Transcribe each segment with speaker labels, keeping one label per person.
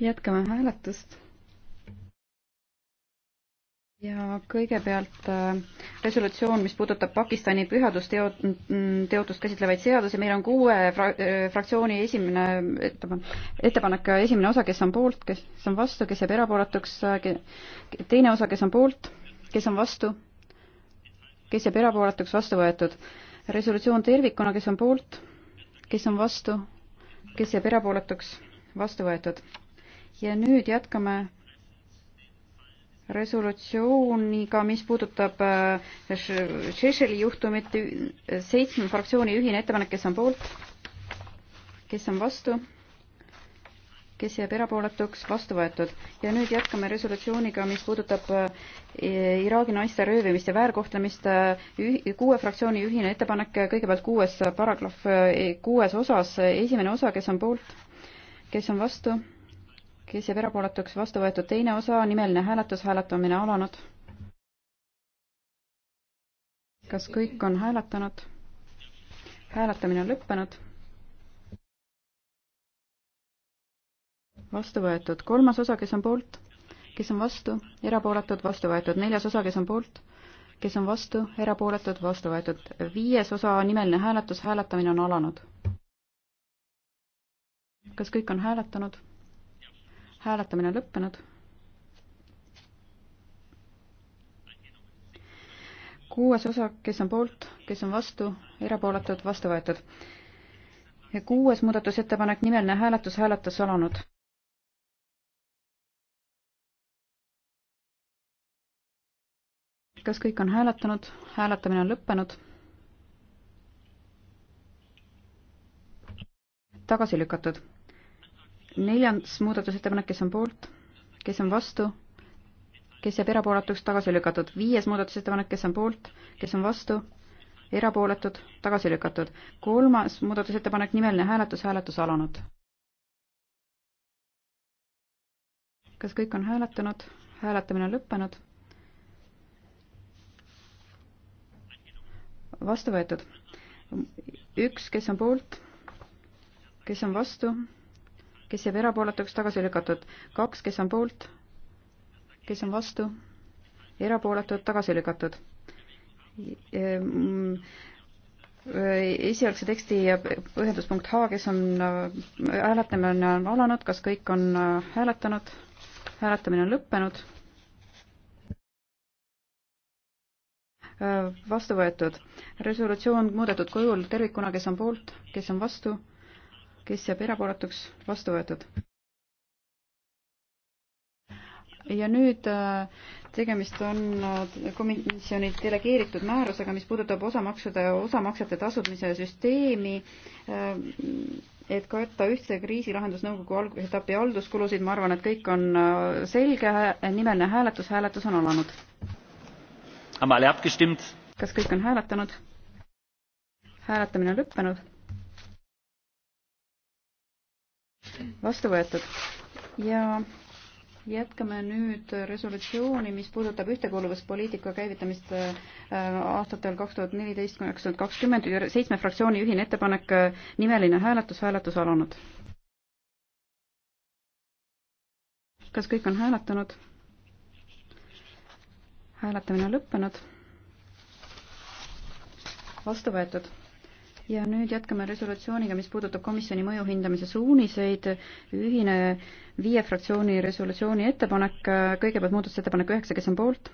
Speaker 1: jätkame hääletust. ja kõigepealt äh, resolutsioon, mis puudutab Pakistani pühadusteod, teotust käsitlevaid seadusi, meil on kuue fra-, äh, fraktsiooni esimene ettepanek, ettepanek, äh, esimene osa, kes on poolt, kes on vastu, kes jääb erapooletuks, teine osa, kes on poolt, kes on vastu, kes jääb erapooletuks, vastu võetud. resolutsioon tervikuna, kes on poolt, kes on vastu kes jääb erapooletuks, vastu võetud. ja nüüd jätkame resolutsiooniga, mis puudutab Šešeli äh, juhtumit, seitsme fraktsiooni ühine ettepanek, kes on poolt, kes on vastu kes jääb erapooletuks, vastu võetud. ja nüüd jätkame resolutsiooniga, mis puudutab äh, Iraagi naiste röövimist ja väärkohtlemist. Äh, kuue fraktsiooni ühine ettepanek, kõigepealt kuues paragrahv, äh, kuues osas, esimene osa, kes on poolt, kes on vastu, kes jääb erapooletuks, vastu võetud. teine osa, nimeline hääletus, hääletamine alanud. kas kõik on hääletanud? hääletamine on lõppenud vastu võetud. kolmas osa, kes on poolt, kes on vastu, erapooletud, vastu võetud. neljas osa, kes on poolt, kes on vastu, erapooletud, vastu võetud. viies osa, nimeline hääletus, hääletamine on alanud. kas kõik on hääletanud? hääletamine on lõppenud. kuues osa, kes on poolt, kes on vastu, erapooletud, vastu võetud. kuues muudatusettepanek, nimeline hääletus, hääletus alanud kas kõik on hääletanud? hääletamine on lõppenud. tagasi lükatud. neljas muudatusettepanek, kes on poolt, kes on vastu, kes jääb erapooletuks, tagasi lükatud. viies muudatusettepanek, kes on poolt, kes on vastu, erapooletud, tagasi lükatud. kolmas muudatusettepanek, nimeline hääletus, hääletus alanud. kas kõik on hääletanud? hääletamine on lõppenud vastu võetud. üks, kes on poolt, kes on vastu, kes jääb erapooletuks, tagasi lükatud. kaks, kes on poolt, kes on vastu, erapooletud, tagasi lükatud. esialgse teksti põhjenduspunkt H, kes on, äh, hääletamine on alanud, kas kõik on äh, hääletanud? hääletamine on lõppenud vastu võetud. resolutsioon muudetud kujul tervikuna, kes on poolt, kes on vastu, kes jääb erapooletuks, vastu võetud. ja nüüd äh, tegemist on äh, komisjoni delegeeritud määrusega, mis puudutab osamaksude, osamaksete tasumise süsteemi, äh, et katta ühtse kriisilahendusnõukogu algusetapi halduskulusid, ma arvan, et kõik on selge, nimeline hääletus, hääletus on alanud kas kõik on hääletanud? hääletamine on lõppenud. vastu võetud ja jätkame nüüd resolutsiooni, mis puudutab ühtekuuluvuspoliitika käivitamist äh, aastatel kaks tuhat neliteist kuni kaks tuhat kakskümmend. seitsme fraktsiooni ühine ettepanek, äh, nimeline hääletus, hääletus alanud. kas kõik on hääletanud? hääletamine on lõppenud. vastu võetud ja nüüd jätkame resolutsiooniga, mis puudutab komisjoni mõju hindamise suuniseid. ühine viie fraktsiooni resolutsiooni ettepanek, kõigepealt muudatusettepanek üheksa, kes on poolt?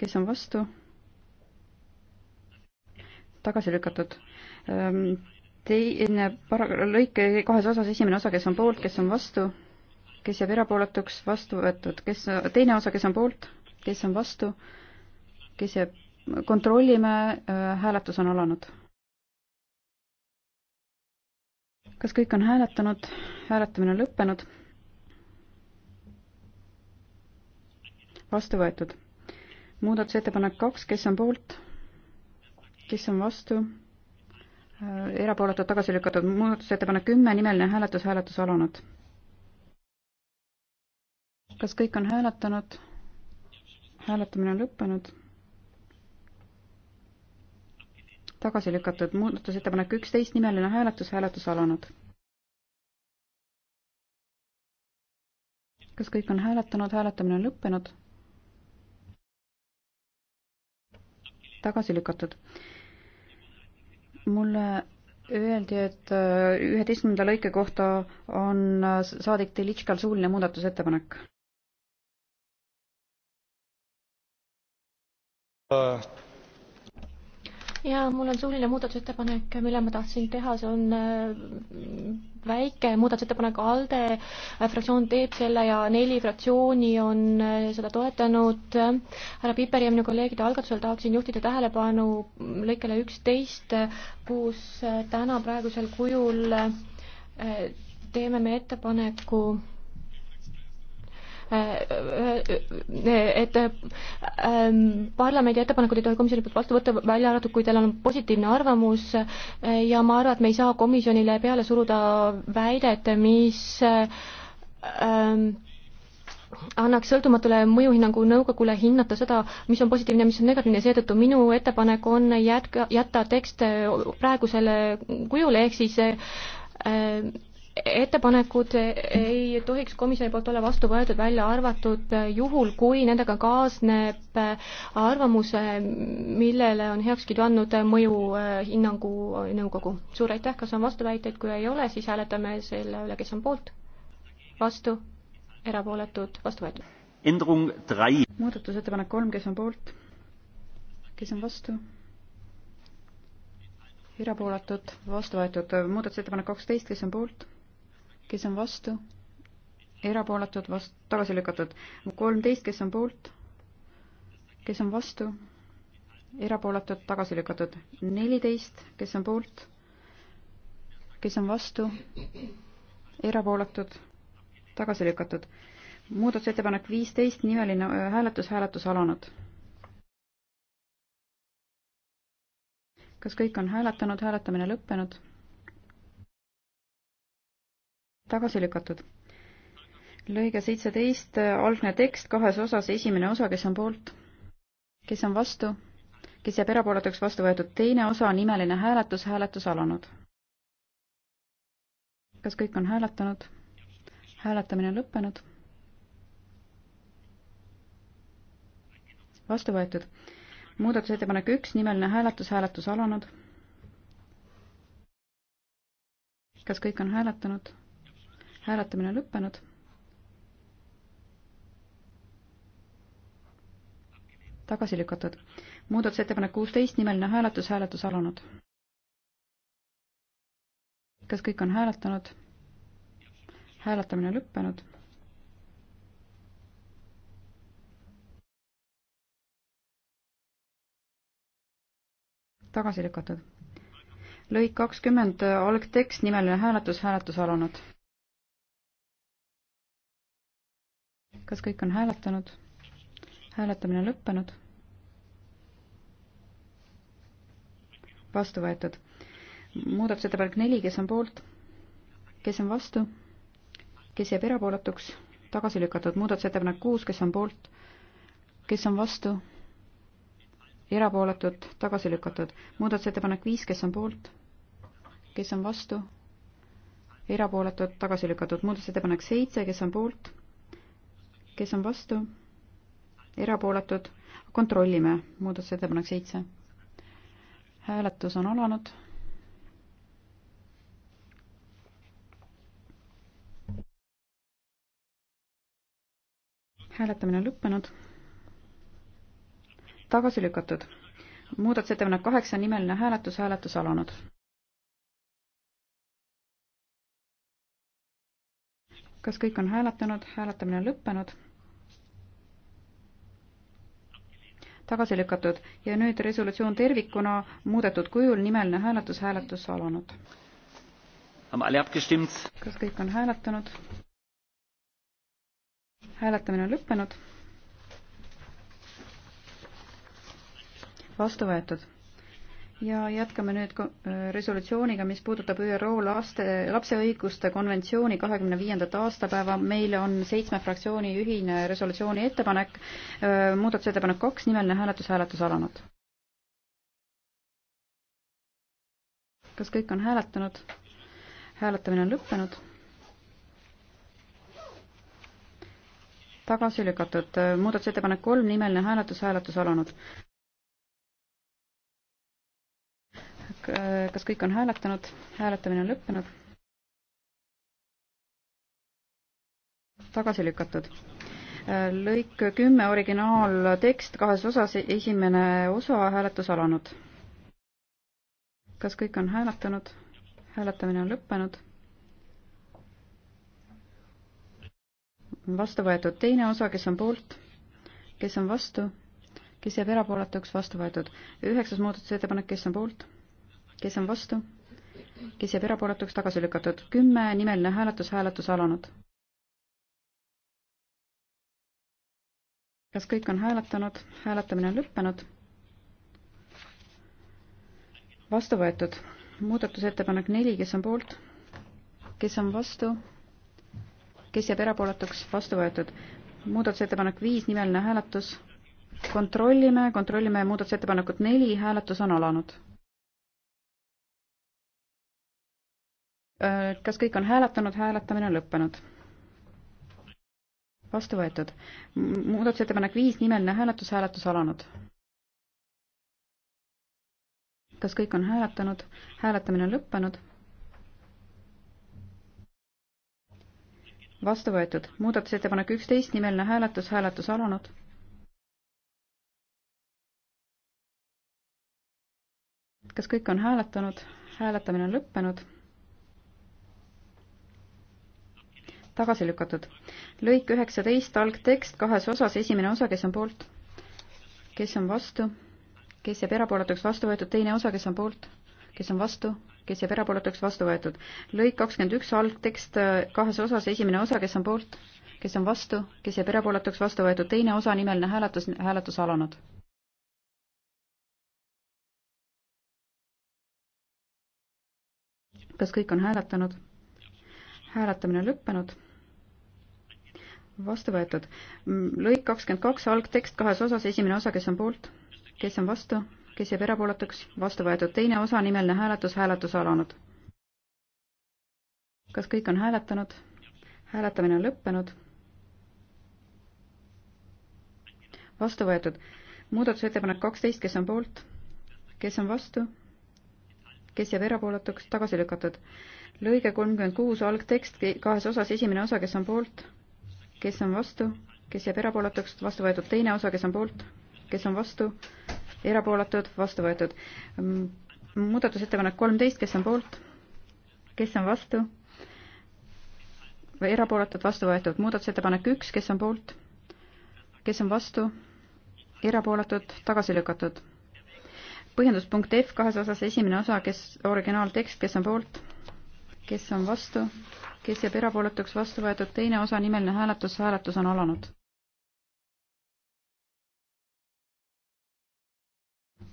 Speaker 1: kes on vastu? tagasi lükatud. Ehm, teine para-, lõike kahes osas, esimene osa, kes on poolt, kes on vastu? kes jääb erapooletuks, vastu võetud, kes, teine osa, kes on poolt, kes on vastu, kes jääb, kontrollime, äh, hääletus on alanud. kas kõik on hääletanud, hääletamine on lõppenud? vastu võetud. muudatusettepanek kaks, kes on poolt, kes on vastu, äh, erapooletud tagasi lükatud, muudatusettepanek kümme, nimeline hääletus, hääletus alanud kas kõik on hääletanud? hääletamine on lõppenud. tagasi lükatud muudatusettepanek üksteist, nimeline hääletus, hääletus alanud. kas kõik on hääletanud, hääletamine on lõppenud? tagasi lükatud. mulle öeldi, et äh, üheteistkümnenda lõike kohta on äh, saadik Delitškal suuline muudatusettepanek. ja
Speaker 2: mul on suuline muudatusettepanek, mille ma tahtsin teha, see on äh, väike muudatusettepanek, ALDE äh, fraktsioon teeb selle ja neli fraktsiooni on äh, seda toetanud. härra Piper ja minu kolleegide algatusel tahaksin juhtida tähelepanu lõikele üksteist, kus täna praegusel kujul teeme me ettepaneku et ähm, parlamendi ettepanekud ei tohi komisjoni poolt vastu võtta, välja arvatud, kui teil on positiivne arvamus ja ma arvan, et me ei saa komisjonile peale suruda väidet, mis ähm, annaks sõltumatule mõjuhinnangu nõukogule hinnata seda, mis on positiivne ja mis on negatiivne, seetõttu minu ettepanek on jätka, jätta tekst praegusele kujule, ehk siis äh, ettepanekud ei tohiks komisjoni poolt olla vastu võetud, välja arvatud juhul, kui nendega kaasneb arvamus, millele on heakskiidu andnud mõjuhinnangu nõukogu. suur aitäh, kas on vastuväiteid, kui ei ole, siis hääletame selle üle,
Speaker 1: kes on poolt, vastu, erapooletud, vastu võetud. muudatusettepanek kolm, kes on poolt, kes on vastu? erapooletud, vastu võetud muudatusettepanek kaksteist, kes on poolt? kes on vastu, erapooletud, vast-, tagasi lükatud. kolmteist, kes on poolt, kes on vastu, erapooletud, tagasi lükatud. neliteist, kes on poolt, kes on vastu, erapooletud, tagasi lükatud. muudatusettepanek viisteist, nimeline hääletus, hääletus alanud. kas kõik on hääletanud, hääletamine lõppenud? tagasi lükatud. lõige seitseteist, algne tekst kahes osas, esimene osa, kes on poolt, kes on vastu, kes jääb erapooletuks vastu võetud, teine osa, nimeline hääletus, hääletus alanud. kas kõik on hääletanud? hääletamine on lõppenud. vastu võetud. muudatusettepanek üks, nimeline hääletus, hääletus alanud. kas kõik on hääletanud? hääletamine on lõppenud. tagasi lükatud. muudatusettepanek kuusteist, nimeline hääletus, hääletus alanud. kas kõik on hääletanud? hääletamine lõppenud. tagasi lükatud. lõik kakskümmend, algtekst, nimeline hääletus, hääletus alanud kas kõik on hääletanud? hääletamine lõppenud. vastu võetud. muudatusettepanek neli, kes on poolt, kes on vastu, kes jääb erapooletuks, tagasi lükatud. muudatusettepanek kuus, kes on poolt, kes on vastu, erapooletud, tagasi lükatud. muudatusettepanek viis, kes on poolt, kes on vastu, erapooletud, tagasi lükatud. muudatusettepanek seitse, kes on poolt kes on vastu? erapooletud? kontrollime, muudatusettepanek seitse. hääletus on alanud. hääletamine on lõppenud. tagasi lükatud. muudatusettepanek kaheksa, nimeline hääletus, hääletus alanud. kas kõik on hääletanud, hääletamine on lõppenud tagasi lükatud ja nüüd resolutsioon tervikuna muudetud kujul, nimeline hääletus, hääletus alanud. kas kõik on hääletanud? hääletamine on lõppenud. vastu võetud ja jätkame nüüd äh, resolutsiooniga, mis puudutab ÜRO laste, lapse õiguste konventsiooni kahekümne viiendat aastapäeva. meil on seitsme fraktsiooni ühine resolutsiooni ettepanek, äh, muudatusettepanek kaks, nimeline hääletus, hääletus alanud. kas kõik on hääletanud? hääletamine on lõppenud. tagasi lükatud äh, muudatusettepanek kolm, nimeline hääletus, hääletus alanud. Äh, kas kõik on hääletanud? hääletamine on lõppenud. tagasi lükatud. Äh, lõik kümme, originaaltekst kahes osas, esimene osa hääletus alanud. kas kõik on hääletanud? hääletamine on lõppenud. vastu võetud teine osa, kes on poolt, kes on vastu kes jääb erapooletuks, vastu võetud. üheksas muudatusettepanek, kes on poolt? kes on vastu, kes jääb erapooletuks, tagasi lükatud. kümme, nimeline hääletus, hääletus alanud. kas kõik on hääletanud? hääletamine on lõppenud. vastu võetud. muudatusettepanek neli, kes on poolt? kes on vastu? kes jääb erapooletuks? vastu võetud. muudatusettepanek viis, nimeline hääletus. kontrollime, kontrollime muudatusettepanekut neli, hääletus on alanud Äh, kas kõik on hääletanud, hääletamine on lõppenud? vastu võetud. muudatusettepanek viis, nimeline hääletus, hääletus alanud. kas kõik on hääletanud, hääletamine on lõppenud? vastu võetud. muudatusettepanek üksteist, nimeline hääletus, hääletus alanud kas kõik on hääletanud? hääletamine on lõppenud tagasi lükatud. lõik üheksateist, algtekst kahes osas, esimene osa, kes on poolt, kes on vastu, kes jääb erapooletuks vastu võetud, teine osa, kes on poolt, kes on vastu, kes jääb erapooletuks vastu võetud. lõik kakskümmend üks, algtekst äh, kahes osas, esimene osa, kes on poolt, kes on vastu, kes jääb erapooletuks vastu võetud, teine osa, nimeline hääletus, hääletus alanud kas kõik on hääletanud? hääletamine lõppenud vastu võetud. Mm, lõik kakskümmend kaks, algtekst kahes osas, esimene osa, kes on poolt, kes on vastu, kes jääb erapooletuks, vastu võetud. teine osa, nimeline hääletus, hääletus alanud. kas kõik on hääletanud? hääletamine on lõppenud. vastu võetud. muudatusettepanek kaksteist, kes on poolt, kes on vastu, kes jääb erapooletuks, tagasi lükatud. lõige kolmkümmend kuus, algtekst kahes osas, esimene osa, kes on poolt kes on vastu, kes jääb erapooletuks, vastu võetud teine osa, kes on poolt, kes on vastu, erapooletud, vastu võetud. Mm, muudatusettepanek kolmteist, kes on poolt, kes on vastu, erapooletud, vastu võetud. muudatusettepanek üks, kes on poolt, kes on vastu, erapooletud, tagasi lükatud. põhjenduspunkt F kahes osas, esimene osa, kes, originaaltekst, kes on poolt, kes on vastu kes jääb erapooletuks vastu võetud, teine osa nimeline hääletus, hääletus on alanud.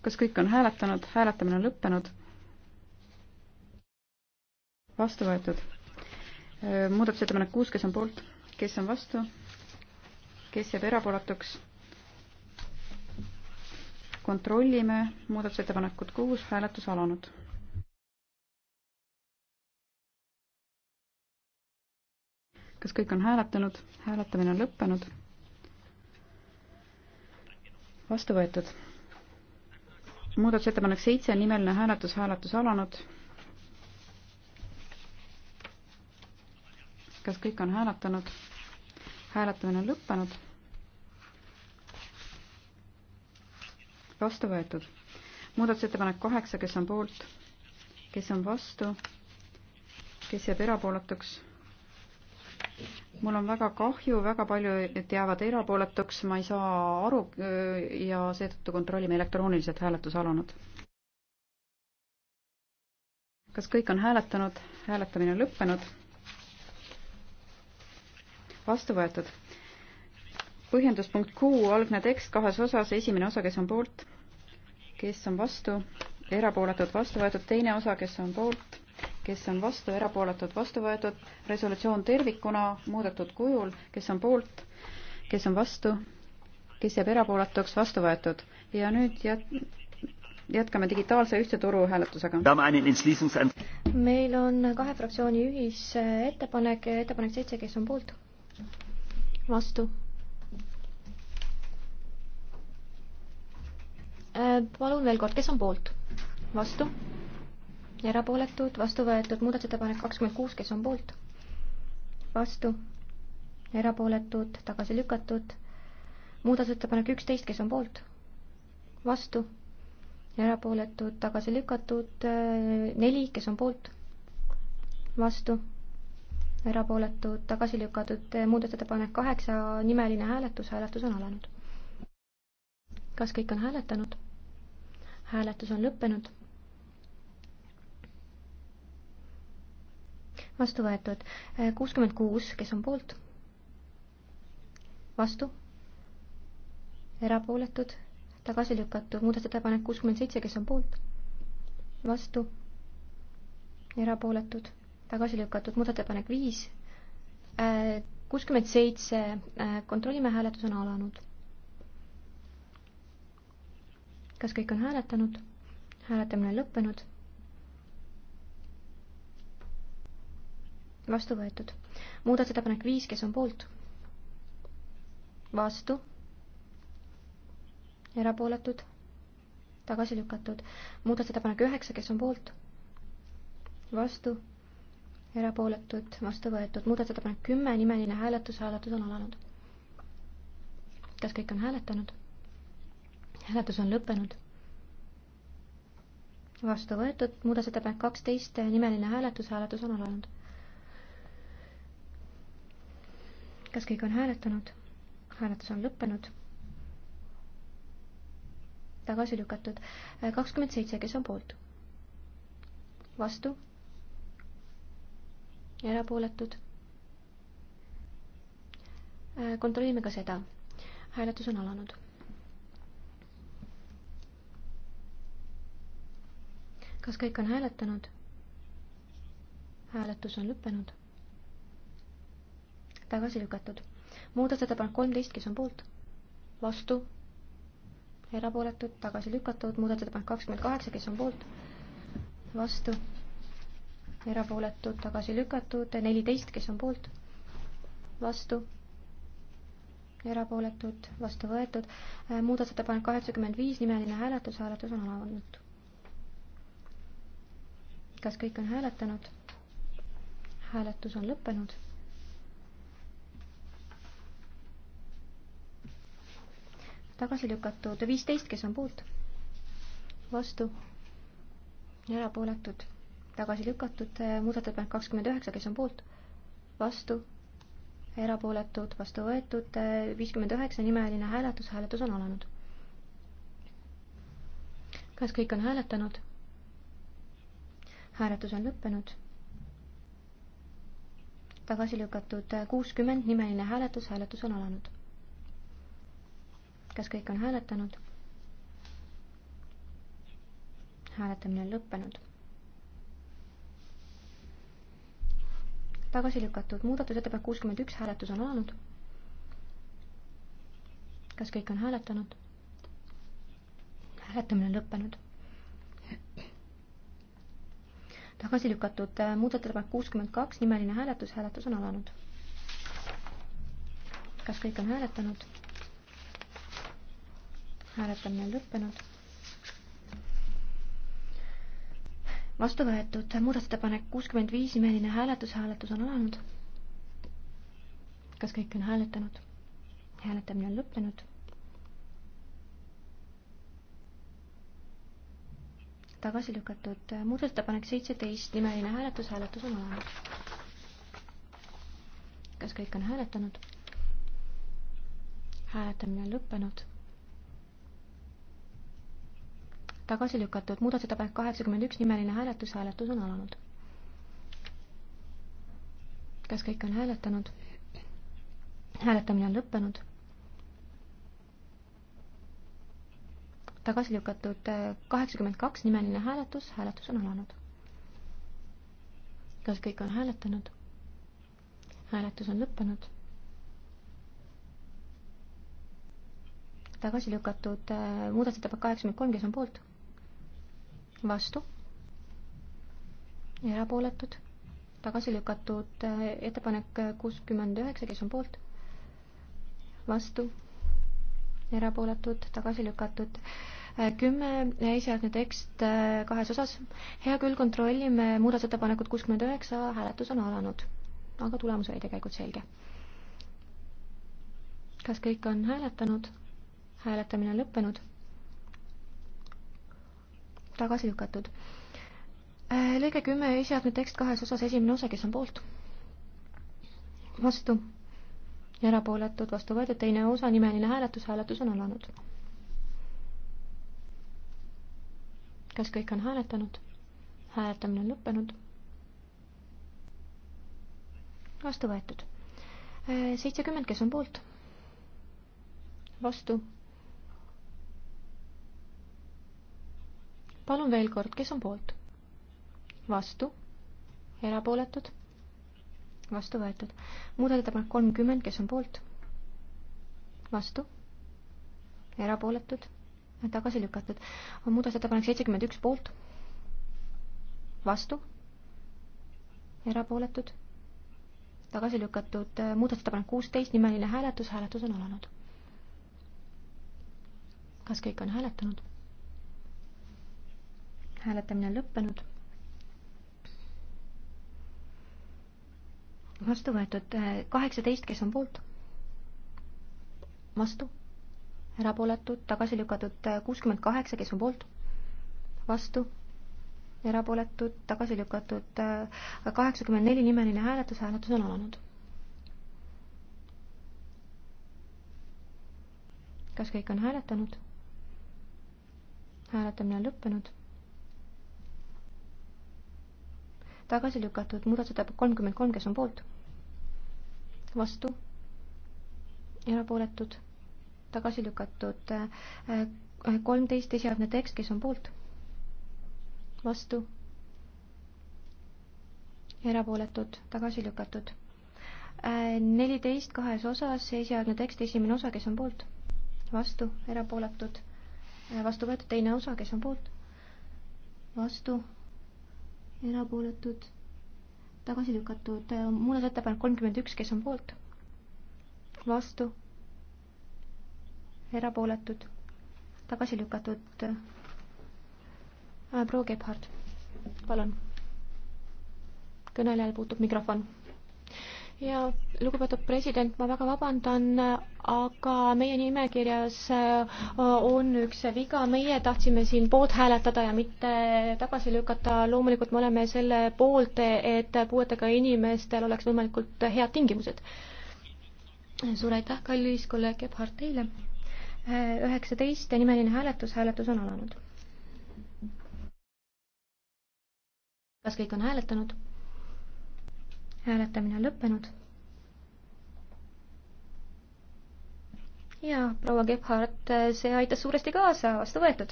Speaker 1: kas kõik on hääletanud, hääletamine on lõppenud? vastu võetud. muudatusettepanek kuus, kes on poolt, kes on vastu, kes jääb erapooletuks? kontrollime muudatusettepanekut kuus, hääletus alanud kas kõik on hääletanud? hääletamine on lõppenud. vastu võetud. muudatusettepanek seitse, nimeline hääletus, hääletus alanud. kas kõik on hääletanud? hääletamine on lõppenud. vastu võetud. muudatusettepanek kaheksa, kes on poolt, kes on vastu, kes jääb erapooletuks mul on väga kahju, väga paljud jäävad erapooletuks, ma ei saa aru äh, ja seetõttu kontrollime elektrooniliselt hääletus alanud. kas kõik on hääletanud? hääletamine on lõppenud. vastu võetud. põhjenduspunkt Q, algne tekst kahes osas, esimene osa, kes on poolt, kes on vastu, erapooletud, vastu võetud, teine osa, kes on poolt kes on vastu, erapooletud, vastu võetud, resolutsioon tervikuna muudetud kujul, kes on poolt, kes on vastu, kes jääb erapooletuks, vastu võetud ja nüüd jät-, jätkame digitaalse ühtse turu hääletusega.
Speaker 2: meil on kahe fraktsiooni ühisettepanek, ettepanek seitse, kes on poolt, vastu. Äh, palun veel kord, kes on poolt, vastu? erapooletud, vastu võetud muudatusettepanek kakskümmend kuus, kes on poolt, vastu, erapooletud, tagasi lükatud, muudatusettepanek üksteist, kes on poolt, vastu, erapooletud, tagasi lükatud, neli, kes on poolt, vastu, erapooletud, tagasi lükatud, muudatusettepanek kaheksa, nimeline hääletus, hääletus on alanud kas kõik on hääletanud? hääletus on lõppenud. vastu võetud äh, kuuskümmend kuus, kes on poolt? vastu? erapooletud? tagasi lükatud muudatusettepanek kuuskümmend seitse, kes on poolt? vastu? erapooletud? tagasi lükatud muudatusettepanek viis, äh, kuuskümmend seitse, äh, kontrollime, hääletus on alanud. kas kõik on hääletanud? hääletamine on lõppenud vastu võetud. muudatusettepanek viis, kes on poolt? vastu? erapooletud? tagasi lükatud. muudatusettepanek üheksa, kes on poolt? vastu? erapooletud, vastu võetud. muudatusettepanek kümme, nimeline hääletus, hääletus on alanud. kas kõik on hääletanud? hääletus on lõppenud. vastu võetud, muudatusettepanek kaksteist, nimeline hääletus, hääletus on alanud kas kõik on hääletanud? hääletus on lõppenud. tagasi lükatud. Äh, kakskümmend seitse, kes on poolt? vastu? erapooletud? Äh, kontrollime ka seda. hääletus on alanud. kas kõik on hääletanud? hääletus on lõppenud tagasi lükatud. muudatusettepanek kolmteist, kes on poolt? vastu? erapooletud, tagasi lükatud, muudatusettepanek kakskümmend kaheksa, kes on poolt? vastu? erapooletud, tagasi lükatud, neliteist, kes on poolt? vastu? erapooletud, vastu võetud, muudatusettepanek kaheksakümmend viis, nimeline hääletus, hääletus on alanud. kas kõik on hääletanud? hääletus on lõppenud tagasi lükatud viisteist, kes on poolt, vastu, erapooletud, tagasi lükatud muudatusettepanek kakskümmend üheksa, kes on poolt, vastu, erapooletud, vastu võetud, viiskümmend üheksa, nimeline hääletus, hääletus on alanud. kas kõik on hääletanud? hääletus on lõppenud. tagasi lükatud kuuskümmend, nimeline hääletus, hääletus on alanud kas kõik on hääletanud? hääletamine on lõppenud. tagasi lükatud muudatusettepanek kuuskümmend üks, hääletus on alanud. kas kõik on hääletanud? hääletamine on lõppenud. tagasi lükatud muudatusettepanek kuuskümmend kaks, nimeline hääletus, hääletus on alanud. kas kõik on hääletanud? hääletamine on lõppenud. vastu võetud muudatusettepanek kuuskümmend viis imeline hääletus, hääletus on alanud. kas kõik on hääletanud? hääletamine on lõppenud. tagasi lükatud muudatusettepanek seitseteist imeline hääletus, hääletus on alanud. kas kõik on hääletanud? hääletamine on lõppenud tagasi lükatud, muudatusettepanek kaheksakümmend üks, nimeline hääletus, hääletus on alanud. kas kõik on hääletanud? hääletamine on lõppenud. tagasi lükatud kaheksakümmend kaks, nimeline hääletus, hääletus on alanud. kas kõik on hääletanud? hääletus on lõppenud tagasi lükatud muudatusettepanek kaheksakümmend kolm, kes on poolt? vastu, erapooletud, tagasi lükatud äh, ettepanek kuuskümmend üheksa, kes on poolt, vastu, erapooletud, tagasi lükatud äh, kümme äh, esialgne tekst kahes osas. hea küll, kontrollime muudatusettepanekut kuuskümmend üheksa, hääletus on alanud, aga tulemus oli tegelikult selge. kas kõik on hääletanud? hääletamine on lõppenud tagasi lükatud. Äh, lõige kümme, esialgne tekst kahes osas, esimene osa, kes on poolt? vastu. erapooletud, vastu võetud, teine osa, nimeline hääletus, hääletus on alanud. kas kõik on hääletanud? hääletamine on lõppenud. vastu võetud. Äh, seitsekümmend, kes on poolt? vastu palun veel kord, kes on poolt? vastu? erapooletud? vastu võetud. muudatusettepanek kolmkümmend, kes on poolt? vastu? erapooletud? tagasi lükatud. muudatusettepanek seitsekümmend üks poolt? vastu? erapooletud? tagasi lükatud. muudatusettepanek kuusteist, nimeline hääletus, hääletus on alanud. kas kõik on hääletanud? hääletamine on lõppenud. vastu võetud äh, kaheksateist, kes on poolt? vastu, erapooletud, tagasi lükatud äh, kuuskümmend kaheksa, kes on poolt? vastu, erapooletud, tagasi lükatud äh, kaheksakümmend neli nimeline hääletus, hääletus on alanud. kas kõik on hääletanud? hääletamine on lõppenud tagasi lükatud muudatusettepanek kolmkümmend kolm, kes on poolt? vastu? erapooletud? tagasi lükatud äh, kolmteist esialgne tekst, kes on poolt? vastu? erapooletud, tagasi lükatud. Äh, neliteist kahes osas, esialgne tekst, esimene osa, kes on poolt? vastu, erapooletud, äh, vastu võetud, teine osa, kes on poolt? vastu erapooletud, tagasi lükatud. muudatusettepanek kolmkümmend üks, kes on poolt? vastu? erapooletud, tagasi lükatud. proua Gebhard, palun. kõnelejal puutub mikrofon ja lugupeetud president, ma väga vabandan, aga meie nimekirjas äh, on üks viga, meie tahtsime siin poolt hääletada ja mitte tagasi lükata, loomulikult me oleme selle poolt, et puuetega inimestel oleks võimalikult head tingimused. suur aitäh, kallis kolleeg Gebhard teile. Äh, üheksateist nimeline hääletus, hääletus on alanud. kas kõik on hääletanud? hääletamine on lõppenud. ja proua Gebhardt, see aitas suuresti kaasa, vastu võetud.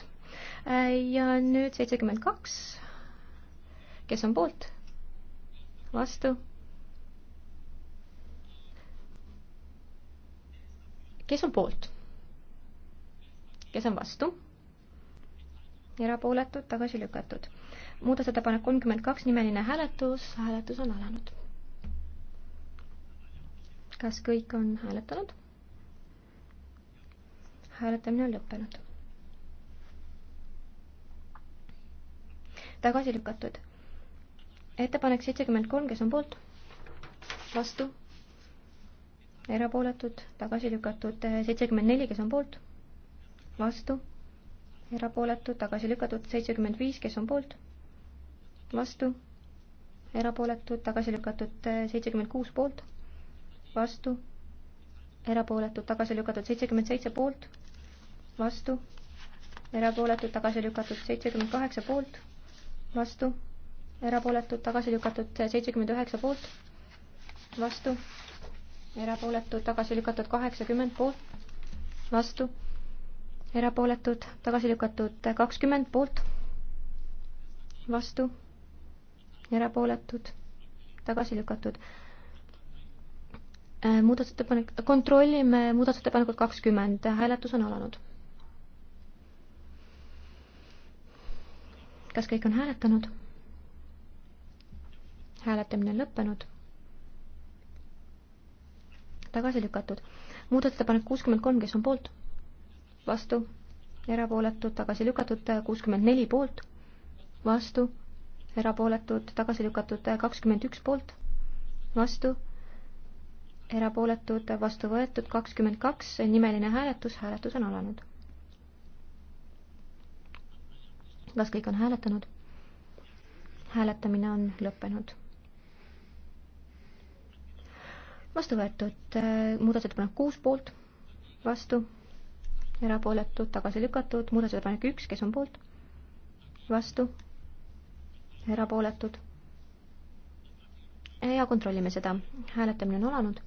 Speaker 2: ja nüüd seitsekümmend kaks. kes on poolt? vastu? kes on poolt? kes on vastu? erapooletud, tagasi lükatud. muudatusettepanek kolmkümmend kaks, nimeline hääletus, hääletus on alanud kas kõik on hääletanud? hääletamine on lõppenud. tagasi lükatud. ettepanek seitsekümmend kolm, kes on poolt? vastu? erapooletud, tagasi lükatud, seitsekümmend neli, kes on poolt? vastu? erapooletud, tagasi lükatud, seitsekümmend viis, kes on poolt? vastu? erapooletud, tagasi lükatud, seitsekümmend kuus poolt vastu, erapooletud, tagasi lükatud, seitsekümmend seitse poolt, vastu, erapooletud, tagasi lükatud, seitsekümmend kaheksa poolt, vastu, erapooletud, tagasi lükatud, seitsekümmend üheksa poolt, vastu, erapooletud, tagasi lükatud, kaheksakümmend poolt, vastu, erapooletud, tagasi lükatud, kakskümmend poolt, vastu, erapooletud, tagasi lükatud Äh, muudatusettepanek, kontrollime muudatusettepanekut kakskümmend, hääletus on alanud. kas kõik on hääletanud? hääletamine on lõppenud. tagasi lükatud. muudatusettepanek kuuskümmend kolm, kes on poolt? vastu? erapooletud, tagasi lükatud, kuuskümmend neli poolt? vastu? erapooletud, tagasi lükatud, kakskümmend üks poolt? vastu? erapooletud, vastu võetud, kakskümmend kaks, nimeline hääletus, hääletus on alanud. kas kõik on hääletanud? hääletamine on lõppenud. vastu võetud äh, muudatusettepanek kuus poolt, vastu, erapooletud, tagasi lükatud, muudatusettepanek üks, kes on poolt, vastu, erapooletud ja kontrollime seda. hääletamine on alanud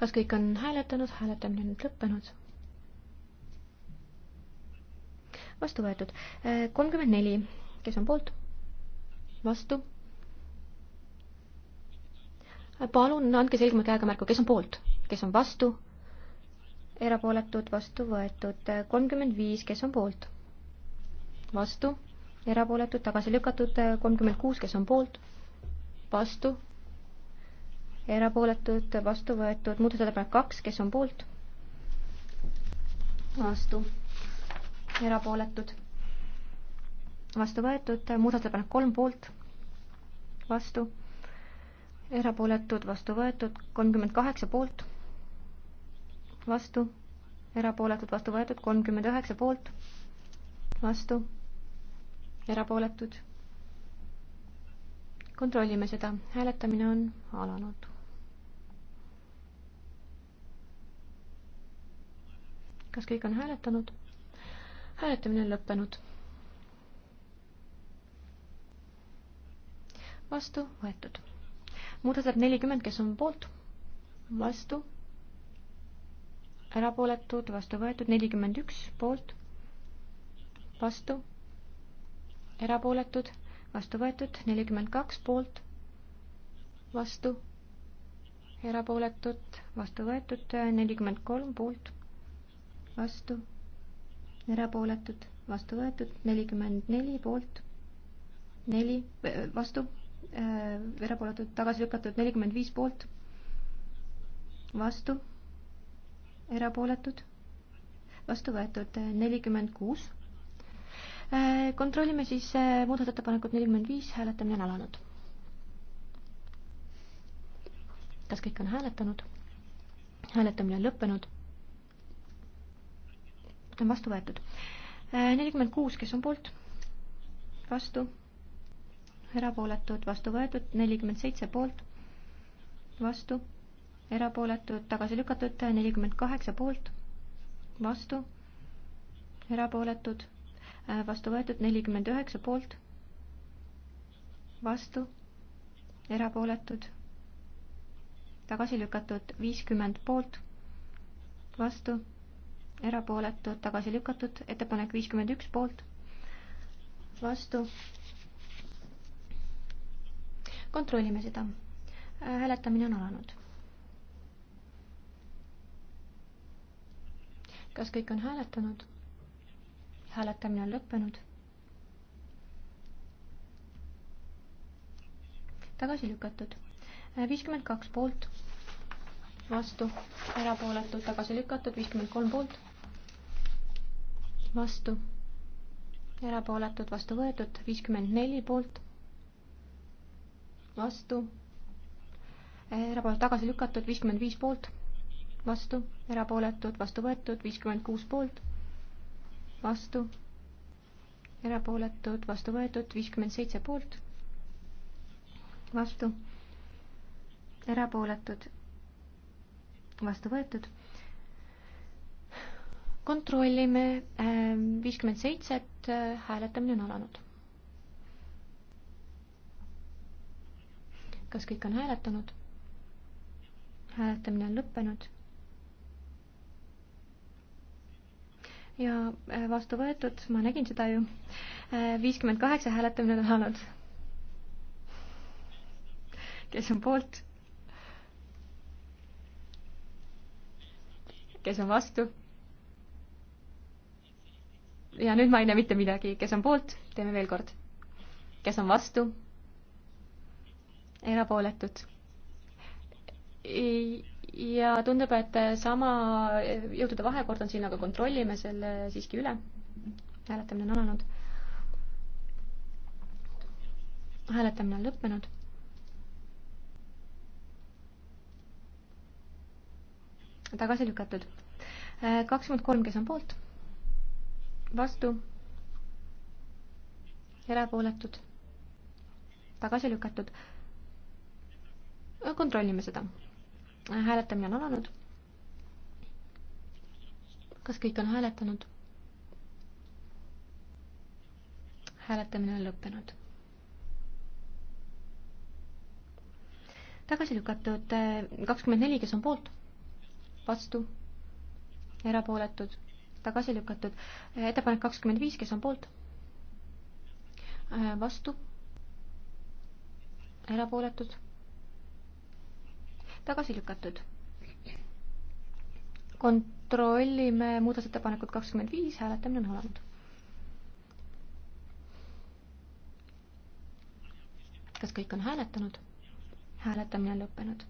Speaker 2: kas kõik on hääletanud, hääletamine on nüüd lõppenud? vastu võetud. Äh, kolmkümmend neli, kes on poolt? vastu? Äh, palun andke selgema käega märku, kes on poolt, kes on vastu? erapooletud, vastu võetud. Äh, kolmkümmend viis, kes on poolt? vastu? erapooletud, tagasi lükatud. kolmkümmend kuus, kes on poolt? vastu? erapooletud, vastu võetud, muudatusettepanek kaks, kes on poolt? vastu, erapooletud, vastu võetud, muudatusettepanek kolm poolt, vastu, erapooletud, vastu võetud, kolmkümmend kaheksa poolt, vastu, erapooletud, vastu võetud, kolmkümmend üheksa poolt, vastu, erapooletud kontrollime seda, hääletamine on alanud kas kõik on hääletanud? hääletamine on lõppenud. vastu võetud. muudatusettepanek nelikümmend, kes on poolt? vastu. erapooletud, vastu võetud, nelikümmend üks poolt. vastu. erapooletud, vastu võetud, nelikümmend kaks poolt. vastu erapooletut, vastu võetud nelikümmend kolm poolt, vastu, erapooletud, vastu võetud, nelikümmend neli poolt, neli äh, vastu, äh, erapooletud, tagasi lükatud, nelikümmend viis poolt, vastu, erapooletud, vastu võetud, nelikümmend kuus. Äh, kontrollime siis muudatusettepanekut nelikümmend viis, hääletamine on alanud. kas kõik on hääletanud? hääletamine on lõppenud erapooletud on vastu võetud. Äh, nelikümmend kuus, kes on poolt, vastu, erapooletud, vastu võetud, nelikümmend seitse poolt, vastu, erapooletud, tagasi lükatud, nelikümmend kaheksa poolt, vastu, erapooletud, äh, vastu võetud, nelikümmend üheksa poolt, vastu, erapooletud, tagasi lükatud, viiskümmend poolt, vastu erapooletud, tagasi lükatud, ettepanek viiskümmend üks poolt, vastu. kontrollime seda. hääletamine on alanud. kas kõik on hääletanud? hääletamine on lõppenud. tagasi lükatud. viiskümmend kaks poolt, vastu, erapooletud, tagasi lükatud, viiskümmend kolm poolt vastu, erapooletud, vastu võetud, viiskümmend neli poolt, vastu, erapooletud tagasi lükatud, viiskümmend viis poolt, vastu, erapooletud, vastu võetud, viiskümmend kuus poolt, vastu, erapooletud, vastu võetud, viiskümmend seitse poolt, vastu, erapooletud, vastu võetud kontrollime ähm, viiskümmend seitset, äh, hääletamine on alanud. kas kõik on hääletanud? hääletamine on lõppenud. ja äh, vastu võetud, ma nägin seda ju, äh, viiskümmend kaheksa hääletamine on alanud. kes on poolt? kes on vastu? ja nüüd ma ei näe mitte midagi, kes on poolt, teeme veel kord. kes on vastu? erapooletud. ja tundub, et sama jõudude vahekord on siin, aga kontrollime selle siiski üle. hääletamine on alanud. hääletamine on lõppenud. tagasi lükatud. kakskümmend kolm, kes on poolt vastu, erapooletud, tagasi lükatud. kontrollime seda. hääletamine on alanud. kas kõik on hääletanud? hääletamine on lõppenud. tagasi lükatud eh, kakskümmend neli, kes on poolt, vastu, erapooletud tagasi lükatud. ettepanek kakskümmend viis, kes on poolt? vastu? erapooletud? tagasi lükatud. kontrollime muudatusettepanekut kakskümmend viis, hääletamine on alanud. kas kõik on hääletanud? hääletamine on lõppenud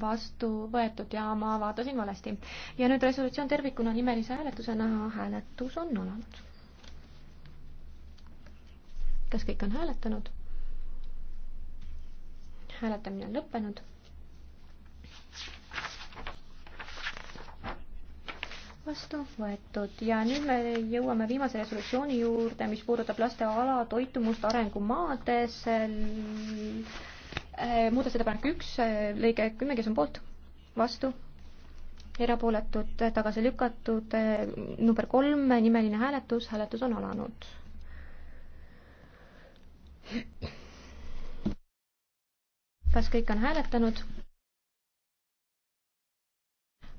Speaker 2: vastu võetud ja ma vaatasin valesti. ja nüüd resolutsioon tervikuna nimelise hääletusena, hääletus on alanud. kas kõik on hääletanud? hääletamine on lõppenud. vastu võetud ja nüüd me jõuame viimase resolutsiooni juurde, mis puudutab laste alatoitumust arengumaades Äh, muudatusettepanek üks, äh, lõige kümme, kes on poolt, vastu, erapooletud, tagasi lükatud, äh, number kolm, nimeline hääletus, hääletus on alanud. kas kõik on hääletanud?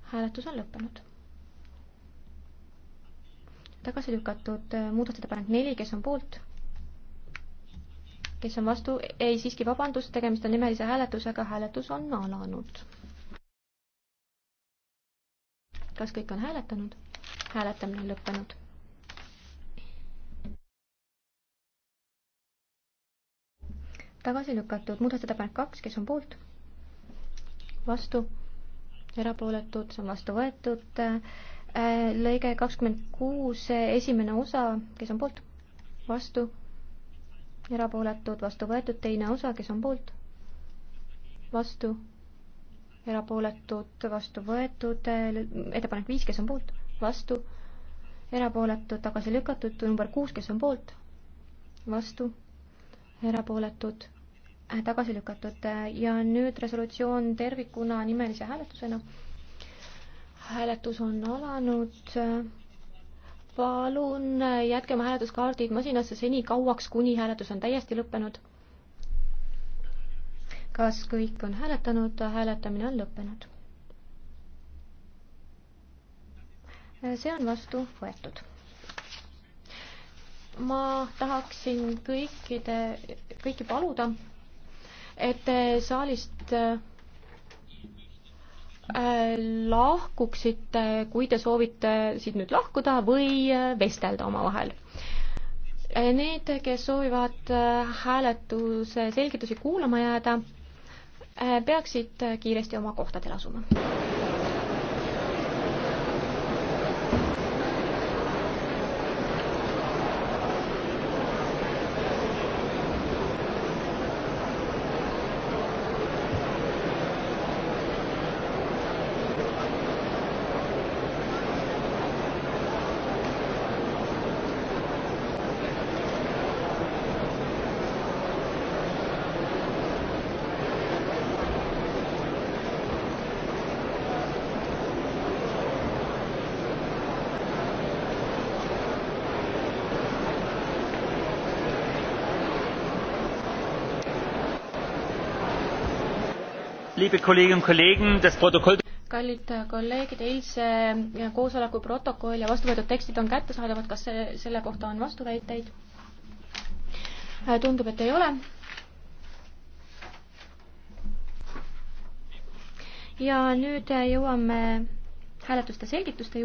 Speaker 2: hääletus on lõppenud. tagasi lükatud muudatusettepanek neli, kes on poolt kes on vastu, ei siiski, vabandust, tegemist on nimelise hääletusega, hääletus on alanud. kas kõik on hääletanud? hääletamine on lõppenud. tagasi lükatud muudatusettepanek kaks, kes on poolt? vastu? erapooletud, see on vastu võetud. Äh, lõige kakskümmend kuus, esimene osa, kes on poolt? vastu? erapooletud, vastu võetud, teine osa, kes on poolt, vastu, erapooletud, vastu võetud, eh, ettepanek viis, kes on poolt, vastu, erapooletud, tagasi lükatud, number kuus, kes on poolt, vastu, erapooletud, eh, tagasi lükatud ja nüüd resolutsioon tervikuna nimelise hääletusena. hääletus on alanud palun jätke oma hääletuskaardid masinasse seni kauaks, kuni hääletus on täiesti lõppenud. kas kõik on hääletanud, hääletamine on lõppenud. see on vastu võetud. ma tahaksin kõikide, kõiki paluda, et saalist Äh, lahkuksite, kui te soovite siit nüüd lahkuda või äh, vestelda omavahel. Äh, need, kes soovivad hääletuse selgitusi kuulama jääda, peaksid kiiresti oma kohtadele asuma. kallid kolleegid, eilse koosoleku protokoll ja vastu võetud tekstid on kättesaadavad, kas see, selle kohta on vastuväiteid? Äh, tundub, et ei ole. ja nüüd jõuame hääletuste selgituste juurde.